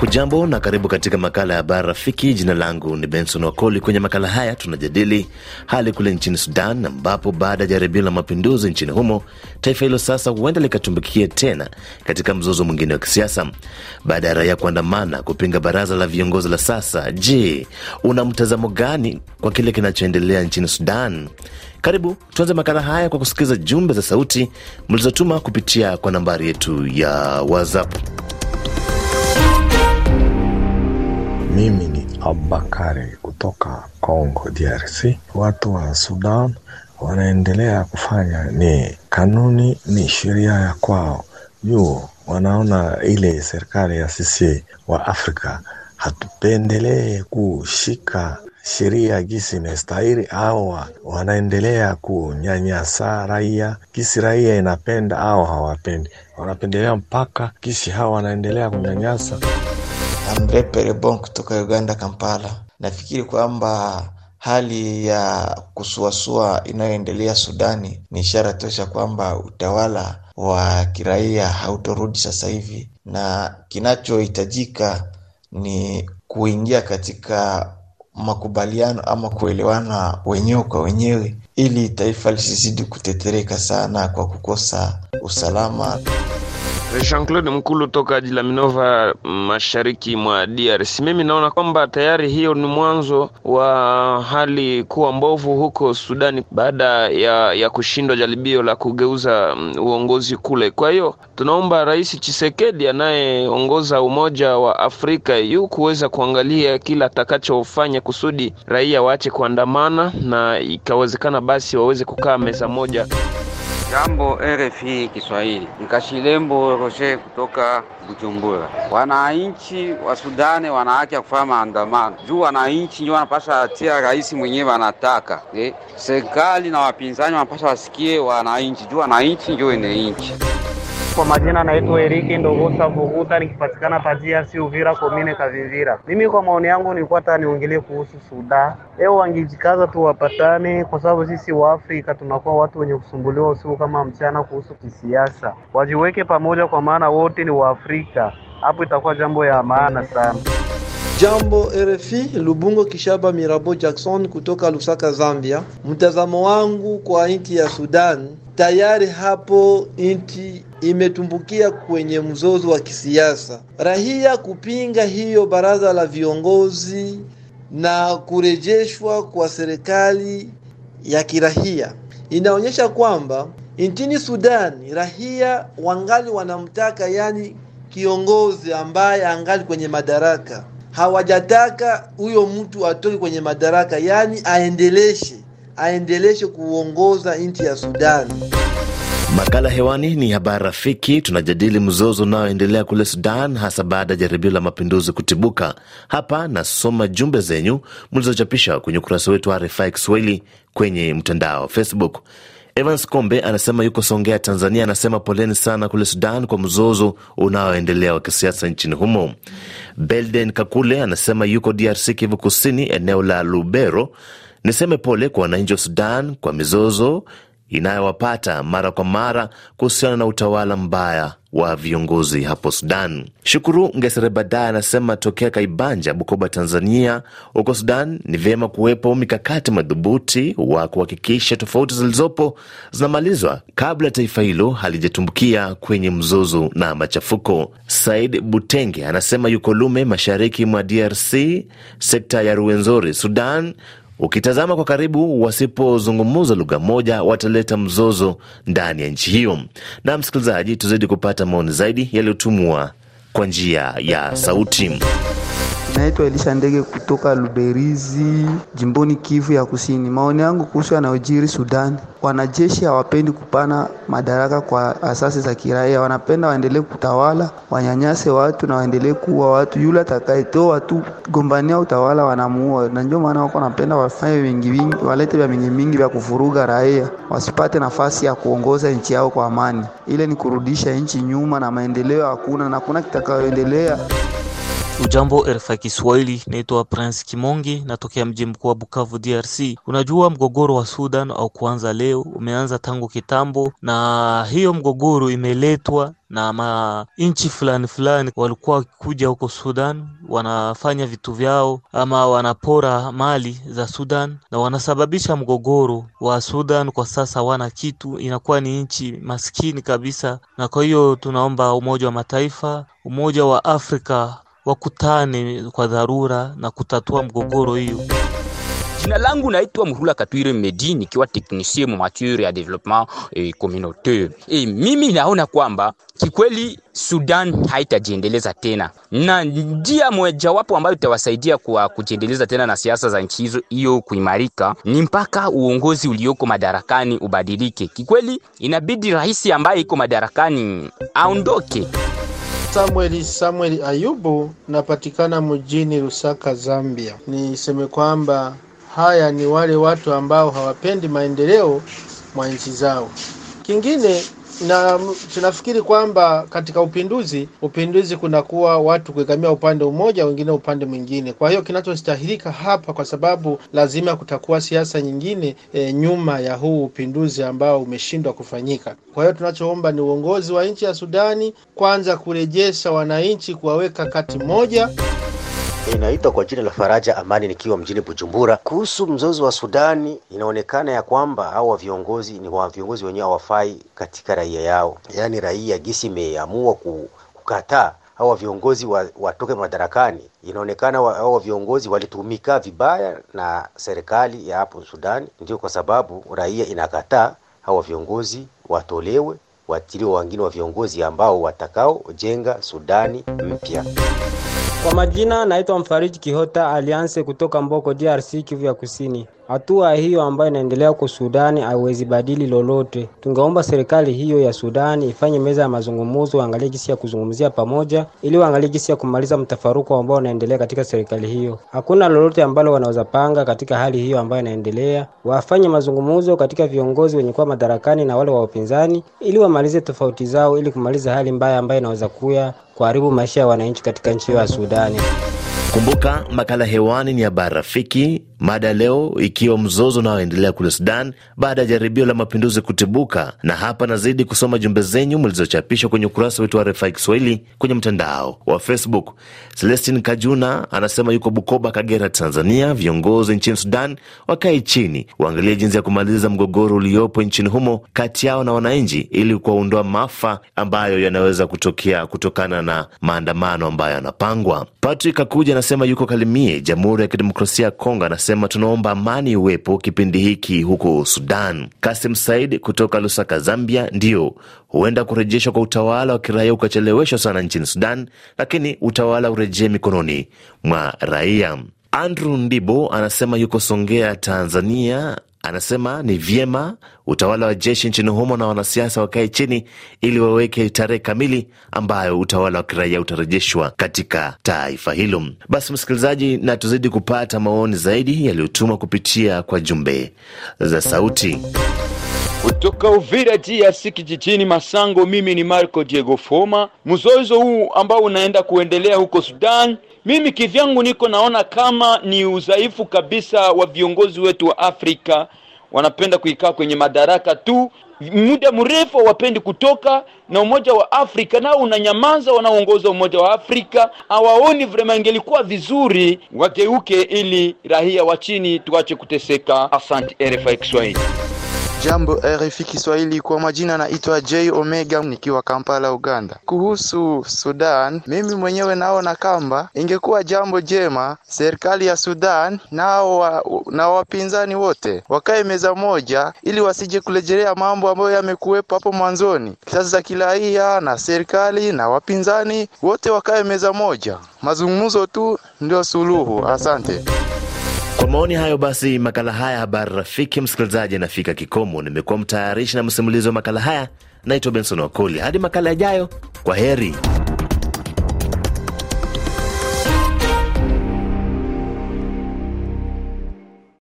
Hujambo na karibu katika makala ya habari rafiki. Jina langu ni Benson Wakoli. Kwenye makala haya tunajadili hali kule nchini Sudan, ambapo baada ya jaribio la mapinduzi nchini humo, taifa hilo sasa huenda likatumbukia tena katika mzozo mwingine wa kisiasa baada ya raia kuandamana kupinga baraza la viongozi la sasa. Je, una mtazamo gani kwa kile kinachoendelea nchini Sudan? Karibu tuanze makala haya kwa kusikiliza jumbe za sauti mlizotuma kupitia kwa nambari yetu ya WhatsApp. Mimi ni Abubakari kutoka Congo DRC. Watu wa Sudan wanaendelea kufanya ni kanuni, ni sheria ya kwao juu wanaona ile serikali ya sisi wa Afrika hatupendelee kushika sheria gisi inastahili au wanaendelea kunyanyasa raia gisi raia inapenda au hawapendi, wanapendelea mpaka gisi hawa wanaendelea kunyanyasa. Amrepere kutoka Uganda, Kampala. Nafikiri kwamba hali ya kusuasua inayoendelea Sudani ni ishara tosha kwamba utawala wa kiraia hautorudi sasa hivi, na kinachohitajika ni kuingia katika makubaliano ama kuelewana wenyewe kwa wenyewe, ili taifa lisizidi kutetereka sana kwa kukosa usalama. Eh, Jean-Claude Mkulu toka jila Minova mashariki mwa DRC. Mimi naona kwamba tayari hiyo ni mwanzo wa hali kuwa mbovu huko Sudani baada ya, ya kushindwa jaribio la kugeuza mm, uongozi kule. Kwa hiyo tunaomba Rais Chisekedi anayeongoza Umoja wa Afrika yu kuweza kuangalia kila atakachofanya kusudi raia waache kuandamana na ikawezekana basi waweze kukaa meza moja. Jambo RFI Kiswahili, Nikashilembo Roger kutoka Bujumbura. Wananchi wa Sudani wana haki ya kufanya maandamano juu wananchi ndio wanapasha atia rais mwenyewe anataka eh. Serikali na wapinzani wanapasha wasikie wananchi juu wananchi ndio ene nchi. Kwa majina naitwa Eriki Ndogosa Vuguta, nikipatikana pa si Uvira, komine Kavimvira. Mimi kwa maoni yangu nilikuwa hata niongelee kuhusu Suda. Leo wangejikaza tu wapatane, kwa sababu sisi wa Afrika tunakuwa watu wenye kusumbuliwa usiku kama mchana kuhusu kisiasa. Wajiweke pamoja, kwa maana wote ni wa Afrika, Hapo itakuwa jambo ya maana sana. Jambo RFI Lubungo Kishaba Mirabo Jackson kutoka Lusaka, Zambia. Mtazamo wangu kwa nchi ya Sudan, tayari hapo nchi imetumbukia kwenye mzozo wa kisiasa. Raia kupinga hiyo baraza la viongozi na kurejeshwa kwa serikali ya kirahia inaonyesha kwamba nchini Sudani rahia wangali wanamtaka, yani kiongozi ambaye angali kwenye madaraka. Hawajataka huyo mtu atoke kwenye madaraka, yani aendeleshe aendeleshe kuongoza nchi ya Sudani. Makala hewani ni habari rafiki. Tunajadili mzozo unaoendelea kule Sudan, hasa baada ya jaribio la mapinduzi kutibuka. Hapa nasoma jumbe zenyu mlizochapisha kwenye ukurasa wetu wa RFI Kiswahili kwenye mtandao wa Facebook. Evans Kombe anasema yuko Songea, Tanzania. Anasema poleni sana kule Sudan kwa mzozo unaoendelea wa kisiasa nchini humo. Belden Kakule anasema yuko DRC, Kivu Kusini, eneo la Lubero. Niseme pole kwa wananchi wa Sudan kwa mizozo inayowapata mara kwa mara kuhusiana na utawala mbaya wa viongozi hapo Sudan. Shukuru Ngeserebadai anasema tokea Kaibanja, Bukoba, Tanzania, huko Sudan ni vyema kuwepo mikakati madhubuti wa kuhakikisha tofauti zilizopo zinamalizwa kabla taifa hilo halijatumbukia kwenye mzozo na machafuko. Said Butenge anasema yuko Lume, mashariki mwa DRC, sekta ya Ruenzori, Sudan. Ukitazama kwa karibu, wasipozungumza lugha moja wataleta mzozo ndani ya nchi hiyo. Na msikilizaji, tuzidi kupata maoni zaidi yaliyotumwa kwa njia ya sauti. Naitwa Elisha Ndege kutoka Luberizi, jimboni Kivu ya Kusini. Maoni yangu kuhusu yanayojiri Sudani, wanajeshi hawapendi kupana madaraka kwa asasi za kiraia. Wanapenda waendelee kutawala, wanyanyase watu na waendelee kuua watu. Yule atakayetoa tu gombania utawala wanamuua, na ndio maana wako wanapenda wafanye vingi vingi, walete vya mingi mingi vya kuvuruga raia, wasipate nafasi ya kuongoza nchi yao kwa amani. Ile ni kurudisha nchi nyuma, na maendeleo hakuna na hakuna kitakayoendelea. Ujambo RFI Kiswahili, naitwa Prince Kimongi, natokea mji mkuu wa Bukavu, DRC. Unajua, mgogoro wa Sudan au kuanza leo umeanza tangu kitambo, na hiyo mgogoro imeletwa na ma fulani fulani walikuwa wakikuja huko Sudan, wanafanya vitu vyao ama wanapora mali za Sudan na wanasababisha mgogoro wa Sudan. Kwa sasa wana kitu, inakuwa ni nchi maskini kabisa, na kwa hiyo tunaomba Umoja wa Mataifa, Umoja wa Afrika wakutane kwa dharura na kutatua mgogoro hiyo. Jina langu naitwa Mhula Katwire Medi nikiwa technicien mature ya development eh, communautaire. Eh, mimi naona kwamba kikweli Sudan haitajiendeleza tena, na njia mojawapo ambayo itawasaidia kwa kujiendeleza tena na siasa za nchi hizo hiyo kuimarika ni mpaka uongozi ulioko madarakani ubadilike. Kikweli inabidi rais ambaye iko madarakani aondoke. Samueli Samueli Ayubu, napatikana mjini Lusaka, Zambia. Niseme kwamba haya ni wale watu ambao hawapendi maendeleo mwa nchi zao. Kingine na tunafikiri kwamba katika upinduzi, upinduzi kunakuwa watu kuegamia upande mmoja, wengine upande mwingine. Kwa hiyo kinachostahilika hapa, kwa sababu lazima kutakuwa siasa nyingine e, nyuma ya huu upinduzi ambao umeshindwa kufanyika. Kwa hiyo tunachoomba ni uongozi wa nchi ya Sudani kwanza kurejesha wananchi, kuwaweka kati moja. Inaitwa kwa jina la Faraja Amani nikiwa mjini Bujumbura. Kuhusu mzozo wa Sudani, inaonekana ya kwamba hawa viongozi ni wa viongozi wenyewe hawafai katika raia yao, yaani raia gisi imeamua kukataa hawa viongozi wa, watoke madarakani. Inaonekana wa, hawa viongozi walitumika vibaya na serikali ya hapo Sudani, ndio kwa sababu raia inakataa hawa viongozi watolewe watilio wengine wa viongozi ambao watakaojenga Sudani mpya. Kwa majina naitwa Mfariji Kihota Alianse kutoka Mboko, DRC, Kivu ya Kusini. Hatua hiyo ambayo inaendelea huko Sudani haiwezi badili lolote. Tungeomba serikali hiyo ya Sudani ifanye meza ya mazungumzo, waangalie jinsi ya kuzungumzia pamoja, ili waangalie jinsi ya kumaliza mtafaruko ambao unaendelea katika serikali hiyo. Hakuna lolote ambalo wanaweza panga katika hali hiyo ambayo inaendelea. Wafanye mazungumzo katika viongozi wenye kuwa madarakani na wale wa upinzani, ili wamalize tofauti zao, ili kumaliza hali mbaya ambayo inaweza kuya kuharibu maisha ya wananchi katika nchi hiyo ya Sudani. Kumbuka makala hewani ni habari rafiki Mada leo ikiwa mzozo unaoendelea kule Sudan baada ya jaribio la mapinduzi kutibuka, na hapa nazidi kusoma jumbe zenyu mlizochapishwa kwenye ukurasa wetu wa RFI Kiswahili kwenye mtandao wa Facebook. Celestin Kajuna anasema yuko Bukoba, Kagera, Tanzania, viongozi nchini Sudan wakae chini, waangalie jinsi ya kumaliza mgogoro uliopo nchini humo kati yao na wananchi, ili kuwaondoa maafa ambayo yanaweza kutokea kutokana na maandamano ambayo yanapangwa. Patrick Akuja anasema yuko Kalimie, Jamhuri ya Kidemokrasia ya Kongo, anasema amesema tunaomba amani iwepo kipindi hiki huko Sudan. Kasim Said kutoka Lusaka, Zambia, ndio huenda kurejeshwa kwa utawala wa kiraia ukacheleweshwa sana nchini Sudan, lakini utawala urejee mikononi mwa raia. Andrew Ndibo anasema yuko Songea, Tanzania, Anasema ni vyema utawala wa jeshi nchini humo na wanasiasa wakae chini ili waweke tarehe kamili ambayo utawala wa kiraia utarejeshwa katika taifa hilo. Basi msikilizaji, na tuzidi kupata maoni zaidi yaliyotumwa kupitia kwa jumbe za sauti kutoka Uvira DRC kijijini Masango. Mimi ni Marco Diego Foma. Mzozo huu ambao unaenda kuendelea huko Sudan, mimi kivyangu niko naona kama ni udhaifu kabisa wa viongozi wetu wa Afrika wanapenda kuikaa kwenye madaraka tu muda mrefu hawapendi kutoka, na Umoja wa Afrika nao unanyamaza. Wanaoongoza Umoja wa Afrika hawaoni vrema, ingelikuwa vizuri wageuke, ili rahia wa chini tuache kuteseka. Asante RFI Kiswahili. Jambo RFI Kiswahili, kwa majina naitwa J Omega nikiwa Kampala, Uganda. Kuhusu Sudan, mimi mwenyewe naona kamba ingekuwa jambo jema serikali ya Sudan na, wa, na wapinzani wote wakae meza moja, ili wasije kurejelea mambo ambayo yamekuwepo hapo mwanzoni. Sasa kiraia na serikali na wapinzani wote wakae meza moja, mazungumzo tu ndio suluhu. Asante. Kwa maoni hayo basi, makala haya habari rafiki msikilizaji anafika kikomo. Nimekuwa mtayarishi na msimulizi wa makala haya, naitwa Benson Wakoli. Hadi makala yajayo, kwa heri.